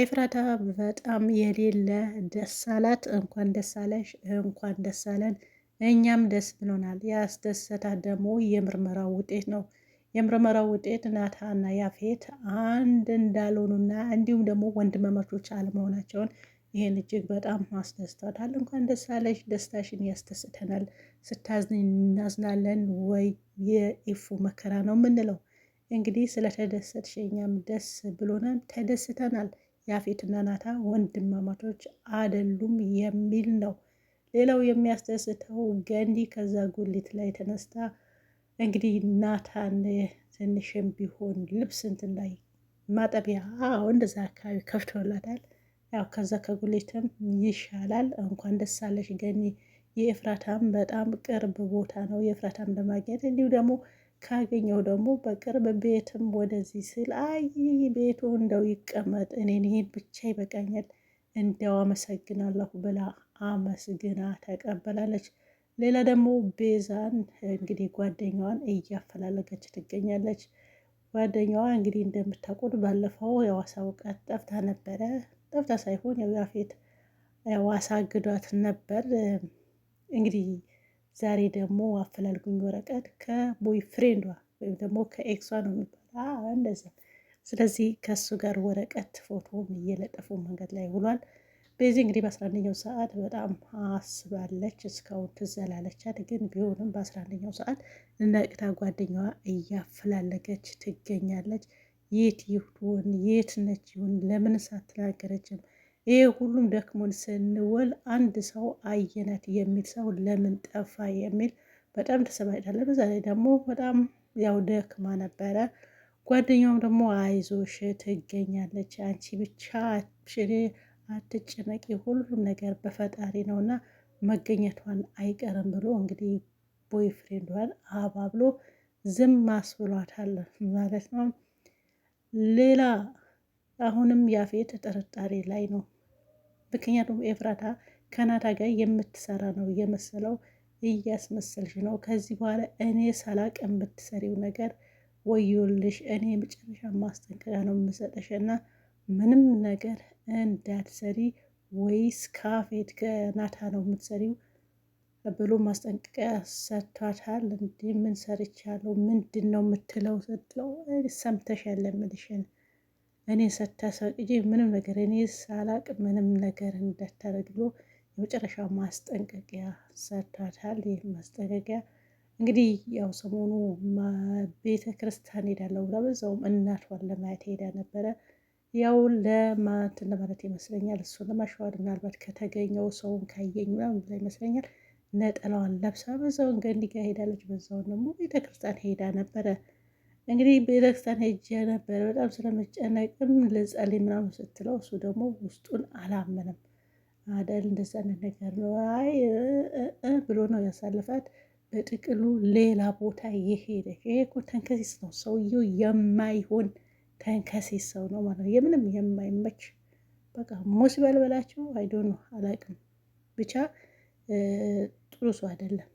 ኤፍራታ በጣም የሌለ ደስ አላት። እንኳን ደስ አለሽ፣ እንኳን ደስ አለን። እኛም ደስ ብሎናል። ያስደሰታት ደግሞ የምርመራው ውጤት ነው። የምርመራው ውጤት ናታና ያፌት አንድ እንዳልሆኑና እንዲሁም ደግሞ ወንድማማቾች አለመሆናቸውን ይህን እጅግ በጣም አስደስቷታል። እንኳን ደስ አለሽ፣ ደስታሽን ያስደስተናል። ስታዝን እናዝናለን። ወይ የኢፉ መከራ ነው የምንለው። እንግዲህ ስለተደሰትሽ እኛም ደስ ብሎናል፣ ተደስተናል። ያፌትና ናታ ወንድማማቾች አይደሉም የሚል ነው። ሌላው የሚያስደስተው ገኒ ከዛ ጉሊት ላይ ተነስታ እንግዲህ ናታን ትንሽም ቢሆን ልብስ እንትን ላይ ማጠቢያ አዎ እንደዛ አካባቢ ከፍቶላታል። ያው ከዛ ከጉሌትም ይሻላል። እንኳን ደስ አለሽ ገኒ። የኤፍራታም በጣም ቅርብ ቦታ ነው። የኤፍራታም ለማግኘት እንዲሁ ደግሞ ካገኘው ደግሞ በቅርብ ቤትም ወደዚህ ስል አይ ቤቱ እንደው ይቀመጥ እኔን ይሄን ብቻ ይበቃኛል እንዲያው አመሰግናለሁ ብላ አመስግና ተቀበላለች። ሌላ ደግሞ ቤዛን እንግዲህ ጓደኛዋን እያፈላለገች ትገኛለች። ጓደኛዋ እንግዲህ እንደምታውቁት ባለፈው የዋሳ ቀት ጠፍታ ነበረ። ጠፍታ ሳይሆን ያው ያፌት ዋሳ ግዷት ነበር እንግዲህ ዛሬ ደግሞ አፈላልጉኝ ወረቀት ከቦይ ፍሬንዷ ወይም ደግሞ ከኤክሷ ነው የሚባለው እንደዛ። ስለዚህ ከእሱ ጋር ወረቀት ፎቶም እየለጠፉ መንገድ ላይ ውሏል። በዚህ እንግዲህ በአስራ አንደኛው ሰዓት በጣም አስባለች። እስካሁን ትዘላለቻት ግን ቢሆንም በአስራ አንደኛው ሰዓት ነቅታ ጓደኛዋ እያፈላለገች ትገኛለች። የት ይሁን የት ነች ይሁን ለምን ሳትናገረችም ይህ ሁሉም ደክሞን ስንውል አንድ ሰው አየናት የሚል ሰው ለምን ጠፋ የሚል በጣም ተሰማጭታለሁ። በዛ ላይ ደግሞ በጣም ያው ደክማ ነበረ። ጓደኛውም ደግሞ አይዞሽ ትገኛለች፣ አንቺ ብቻ አትጨነቂ፣ ሁሉም ነገር በፈጣሪ ነውና መገኘቷን አይቀርም ብሎ እንግዲህ ቦይፍሬንዷን አባ ብሎ ዝም ማስብሏታል ማለት ነው። ሌላ አሁንም ያፌት ጥርጣሬ ላይ ነው። ምክንያቱም ኤፍራታ ከናታ ጋር የምትሰራ ነው የመሰለው እያስመሰልሽ ነው። ከዚህ በኋላ እኔ ሰላቅ የምትሰሪው ነገር ወዮልሽ። እኔ የመጨረሻ ማስጠንቀቂያ ነው የምሰጠሽ እና ምንም ነገር እንዳትሰሪ ወይስ ካፌት ከናታ ነው የምትሰሪው ብሎ ማስጠንቀቂያ ሰጥቷታል። እንዲህ ምን ሰርቻለሁ ምንድን ነው የምትለው ስትለው ሰምተሽ ያለምልሽን እኔ ስታሳቅጂ ምንም ነገር እኔ ሳላቅ ምንም ነገር እንዳታደርግ ብሎ የመጨረሻ ማስጠንቀቂያ ሰጥቷታል። ይህ ማስጠንቀቂያ እንግዲህ ያው ሰሞኑ ቤተ ክርስቲያን ሄዳለሁ ብላ በዛውም እናቷን ለማየት ሄዳ ነበረ። ያው ለማትን ለማለት ይመስለኛል እሱን ለማሸዋድ ምናልባት ከተገኘው ሰውን ካየኝ ምናምን ብላ ይመስለኛል ነጠላዋን ለብሳ በዛውን ገንዲጋ ሄዳለች። በዛውን ደግሞ ቤተ ክርስቲያን ሄዳ ነበረ። እንግዲህ ቤተክርስቲያን ሄጄ ነበረ በጣም ስለመጨነቅም ልጸልይ ምናምን ስትለው እሱ ደግሞ ውስጡን አላመንም አደል እንደዛ ነገር ነው አይ ብሎ ነው ያሳልፋት። በጥቅሉ ሌላ ቦታ የሄደ ይሄ እኮ ተንከሲስ ነው። ሰውየው የማይሆን ተንከሲስ ሰው ነው ማለት ነው። የምንም የማይመች በቃ ሞስ በልበላቸው አይዶ ነው አላቅም። ብቻ ጥሩ ሰው አይደለም።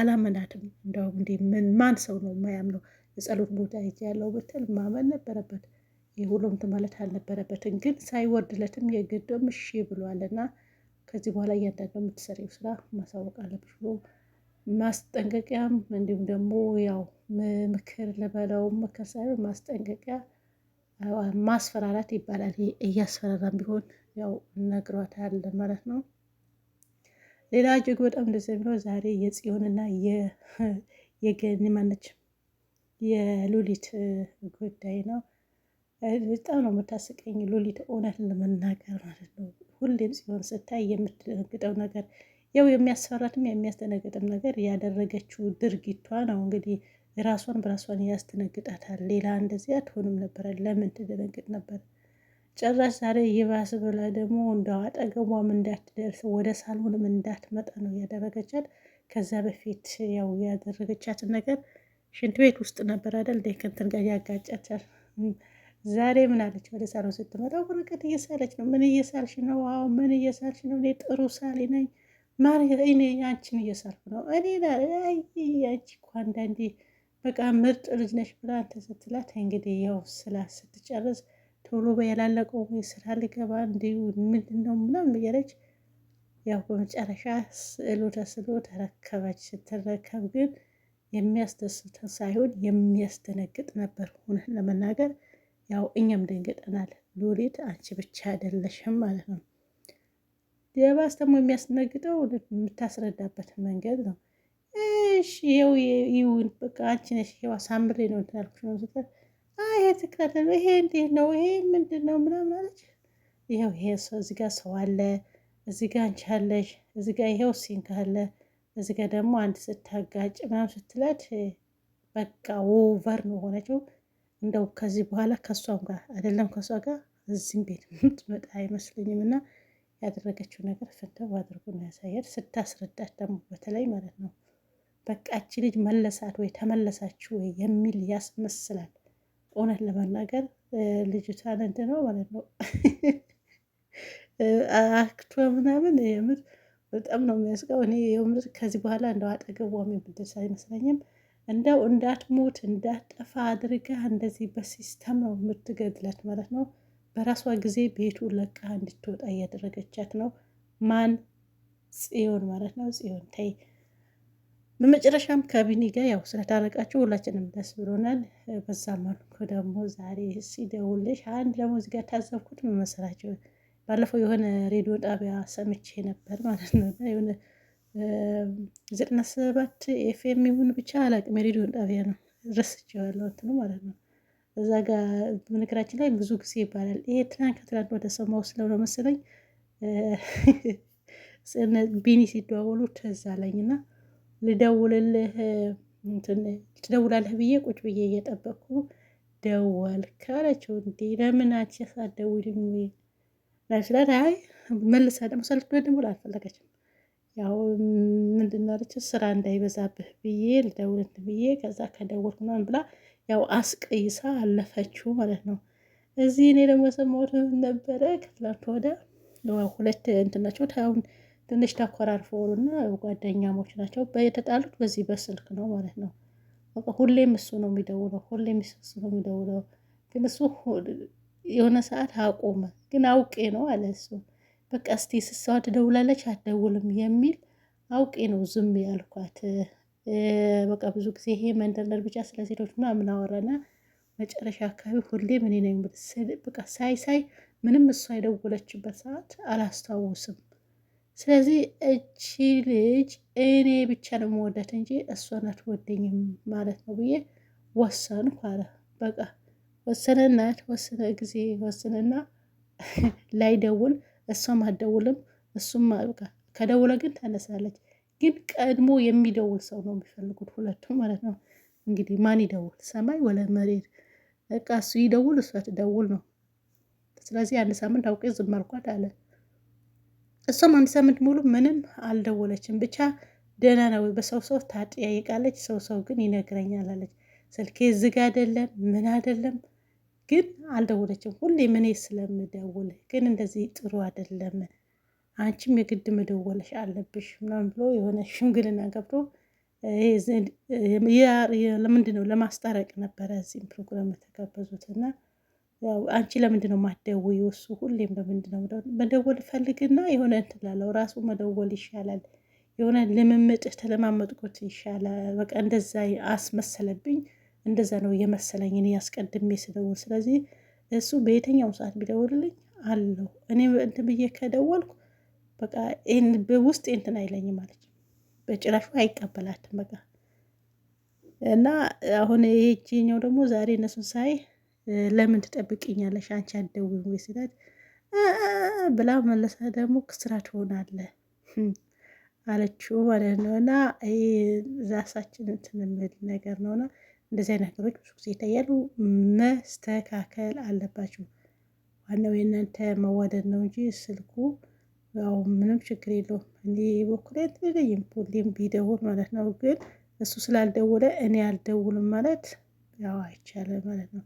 አላመናትም። እንደውም እንዲህ ምን ማን ሰው ነው የማያምነው? የጸሎት ቦታ ሄጄ ያለው ብትል ማመን ነበረበት። የሁሉም ማለት አልነበረበትም፣ ግን ሳይወርድለትም የግድም እሺ ብሏልና ከዚህ በኋላ እያንዳንዱ የምትሰሪው ስራ ማሳወቅ አለብሽ ብሎ ማስጠንቀቂያም እንዲሁም ደግሞ ያው ምክር ልበለው ምክር ሳይሆን ማስጠንቀቂያ ማስፈራራት ይባላል። እያስፈራራም ቢሆን ያው ነግሯታል ማለት ነው። ሌላ እጅግ በጣም ደስ የሚለው ዛሬ የጽዮንና የገኒ ማነች የሉሊት ጉዳይ ነው። በጣም ነው የምታስቀኝ ሉሊት እውነት ለመናገር ማለት ነው። ሁሌም ጽዮን ስታይ የምትደነግጠው ነገር ያው የሚያስፈራትም የሚያስደነግጥም ነገር ያደረገችው ድርጊቷ ነው። እንግዲህ ራሷን በራሷን ያስደነግጣታል። ሌላ እንደዚህ አትሆንም ነበረ። ለምን ትደነግጥ ነበር? ጭራሽ ዛሬ ይባስ ብላ ደግሞ እንደው አጠገቧም እንዳትደርስ ወደ ሳሎንም እንዳትመጣ ነው ያደረገቻት። ከዛ በፊት ያው ያደረገቻትን ነገር ሽንት ቤት ውስጥ ነበር አይደል? እንደ ከእንትን ጋር ያጋጫቻል። ዛሬ ምን አለች? ወደ ሳሎን ስትመጣ ወረቀት እየሳለች ነው። ምን እየሳልሽ ነው? አዎ ምን እየሳልሽ ነው? እኔ ጥሩ ሳሊ ነኝ። ማር እኔ አንቺን እየሳልኩ ነው። እኔ አንቺ እኮ አንዳንዴ በቃ ምርጥ ልጅ ነሽ ብላ አንተ ስትላት እንግዲህ ያው ስላ ስትጨርስ ቶሎ በያላለቀው ስራ ሊገባ እንዲሁ ምንድን ነው ምናምን እያለች ያው በመጨረሻ ስዕሉ ተስሎ ተረከበች። ስትረከብ ግን የሚያስደስተን ሳይሆን የሚያስደነግጥ ነበር። እውነት ለመናገር ያው እኛም ደንግጠናል። ሉሊት አንቺ ብቻ አይደለሽም ማለት ነው። የባስ ደግሞ የሚያስደነግጠው የምታስረዳበት መንገድ ነው። እሺ ይው ይውን በቃ አንቺ ነሽ ይኸው አሳምሬ ነው እንትን ያልኩሽ ነው ስትል ይሄ ትክክል ነው፣ ይሄ እንዴት ነው፣ ይሄ ምንድን ነው ምናምን አለች። ይኸው ይሄ ሰው እዚህ ጋር ሰው አለ፣ እዚህ ጋር አንቺ አለሽ፣ እዚህ ጋር ይኸው ሲንክ አለ እዚ ጋ ደግሞ አንድ ስታጋጭ ምናምን ስትላት በቃ ኦቨር ነው ሆነችው። እንደው ከዚህ በኋላ ከእሷም ጋር አይደለም ከእሷ ጋር እዚህም ቤት ምትመጣ አይመስለኝም። እና ያደረገችው ነገር ፍንተው አድርጎ ነው ያሳያል። ስታስረዳት ደግሞ በተለይ ማለት ነው በቃ እቺ ልጅ መለሳት ወይ ተመለሳችሁ ወይ የሚል ያስመስላል። እውነት ለመናገር ልጅቷን እንትን ነው ማለት ነው አክቶ ምናምን የምር በጣም ነው የሚያስቀው። እኔ የምር ከዚህ በኋላ እንደው አጠገቧ የሚብደስ አይመስለኝም። እንደው እንዳትሞት እንዳትጠፋ አድርጋ እንደዚህ በሲስተም ነው የምትገድለት ማለት ነው። በራሷ ጊዜ ቤቱ ለቃ እንድትወጣ እያደረገቻት ነው። ማን ጽዮን ማለት ነው። ጽዮን ተይ። በመጨረሻም ከቢኒ ጋር ያው ስለታረቃቸው ሁላችንም ደስ ብሎናል። በዛ መልኩ ደግሞ ዛሬ ሲደውልሽ አንድ ደግሞ ለሙዚቃ ታዘብኩት መመሰላቸው ባለፈው የሆነ ሬዲዮ ጣቢያ ሰምቼ ነበር ማለት ነው። የሆነ ዘጠና ሰባት ኤፍኤም ይሁን ብቻ አላቅም፣ የሬዲዮ ጣቢያ ነው ረስቼዋለሁ እንትኑ ማለት ነው። እዛ ጋር በነገራችን ላይ ብዙ ጊዜ ይባላል ይሄ ትናንት ከትናንት ወደ ሰማው ስለሆነ መሰለኝ ቢኒ ሲደዋወሉ ትዝ አለኝ እና ልደውልልህ ትደውላለህ ብዬ ቁጭ ብዬ እየጠበቅኩ ደወልክ አለችው። እንዴ ለምን አንቺ ሳትደውይልኝ ላይ አይ መልሳ ደግሞ ሳልደውል አልፈለገችም። ያው ምንድን ስራ እንዳይበዛብህ ብዬ ልደውልት ብዬ ከዛ ከደወልኩ ምናምን ብላ ያው አስቀይሳ አለፈችው ማለት ነው። እዚህ እኔ ደግሞ የሰማሁት ነበረ ከትላንት ወዲያ ሁለት እንትን ታሁን ትንሽ ተኮራርፈውና ጓደኛሞች ናቸው የተጣሉት በዚህ በስልክ ነው ማለት ነው። ሁሌም እሱ ነው የሚደውለው፣ ሁሌም እሱ ነው የሚደውለው ግን እሱ የሆነ ሰዓት አቆመ። ግን አውቄ ነው አለ እሱ። በቃ እስቲ ስሰዋ ትደውላለች አትደውልም የሚል አውቄ ነው ዝም ያልኳት። በቃ ብዙ ጊዜ ይሄ መንደርደር ብቻ ስለ ሴቶች ምናምን አወራና መጨረሻ አካባቢ ሁሌ ምን ነው በቃ ሳይ ሳይ ምንም እሷ የደወለችበት ሰዓት አላስታውስም። ስለዚህ እቺ ልጅ እኔ ብቻ ነው የምወዳት እንጂ እሷን አትወደኝም ማለት ነው ብዬ ወሰንኩ አለ በቃ ወሰነና ወሰነ ጊዜ ወሰነና ላይደውል እሷም አትደውልም እሱም በቃ ከደውለ ግን ታነሳለች። ግን ቀድሞ የሚደውል ሰው ነው የሚፈልጉት ሁለቱም ማለት ነው። እንግዲህ ማን ይደውል ሰማይ ወለ መሬት? በቃ እሱ ይደውል እሷ ትደውል ነው። ስለዚህ አንድ ሳምንት አውቄ ዝም አልኳት አለ። እሷም አንድ ሳምንት ሙሉ ምንም አልደወለችም። ብቻ ደህና ነው በሰው ሰው ታጠያይቃለች፣ ሰው ሰው ግን ይነግረኛል አለች። ስልኬ ዝግ አይደለም ምን አይደለም ግን አልደወለችም። ሁሌ እኔ ስለምደውል ግን እንደዚህ ጥሩ አይደለም፣ አንቺም የግድ መደወለሽ አለብሽ ምናምን ብሎ የሆነ ሽምግልና ገብቶ ለምንድን ነው ለማስታረቅ ነበረ እዚህም ፕሮግራም የተጋበዙት እና አንቺ ለምንድ ነው ማደው የወሱ ሁሌም ለምንድን ነው መደወል ፈልግና የሆነ እንትላለው ራሱ መደወል ይሻላል፣ የሆነ ልምምጥ ተለማመጥኩት ይሻላል። በቃ እንደዛ አስመሰለብኝ። እንደዛ ነው የመሰለኝ እኔ ያስቀድሜ ስደውል። ስለዚህ እሱ በየትኛውም ሰዓት ቢደውልልኝ አለው እኔ እንትን ብዬ ከደወልኩ በቃ ውስጥ እንትን አይለኝም ማለት በጭራሹ አይቀበላትም በቃ እና አሁን ይሄኛው ደግሞ ዛሬ እነሱን ሳይ ለምን ትጠብቅኛለሽ አንቺ አትደውይም ወይ ስላት ብላ መለሳ። ደግሞ ክስራ ትሆናለ አለችው ማለት ነው። እና ዛሳችን እንትን የሚል ነገር ነውና እንደዚህ አይነት ነገሮች ብዙ ጊዜ ይታያሉ። መስተካከል አለባቸው። ዋናው የእናንተ መዋደድ ነው እንጂ ስልኩ ያው ምንም ችግር የለውም። እኔ በኩል አይደለኝም ሁሌም ቢደውል ማለት ነው። ግን እሱ ስላልደወለ እኔ አልደውልም ማለት ያው አይቻልም ማለት ነው።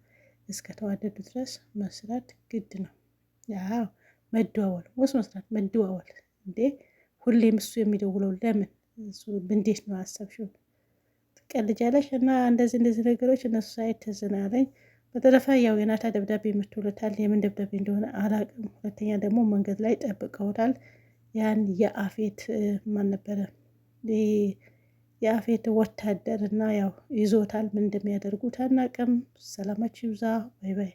እስከ ተዋደዱ ድረስ መስራት ግድ ነው። ያው መደዋወል ወስ መስራት መደዋወል እንዴ! ሁሌም እሱ የሚደውለው ለምን? እሱ እንዴት ነው አሰብሽው? ቀልጃለሽ እና እንደዚህ እንደዚህ ነገሮች እነሱ ሳይት ትዝናለኝ። በተረፈ ያው የናታ ደብዳቤ መቶለታል። የምን ደብዳቤ እንደሆነ አላቅም። ሁለተኛ ደግሞ መንገድ ላይ ጠብቀውታል። ያን የአፌት ማን ነበረ የአፌት ወታደር እና ያው ይዞታል። ምን እንደሚያደርጉት አናቅም። ሰላማችሁ ይብዛ። ባይ ባይ።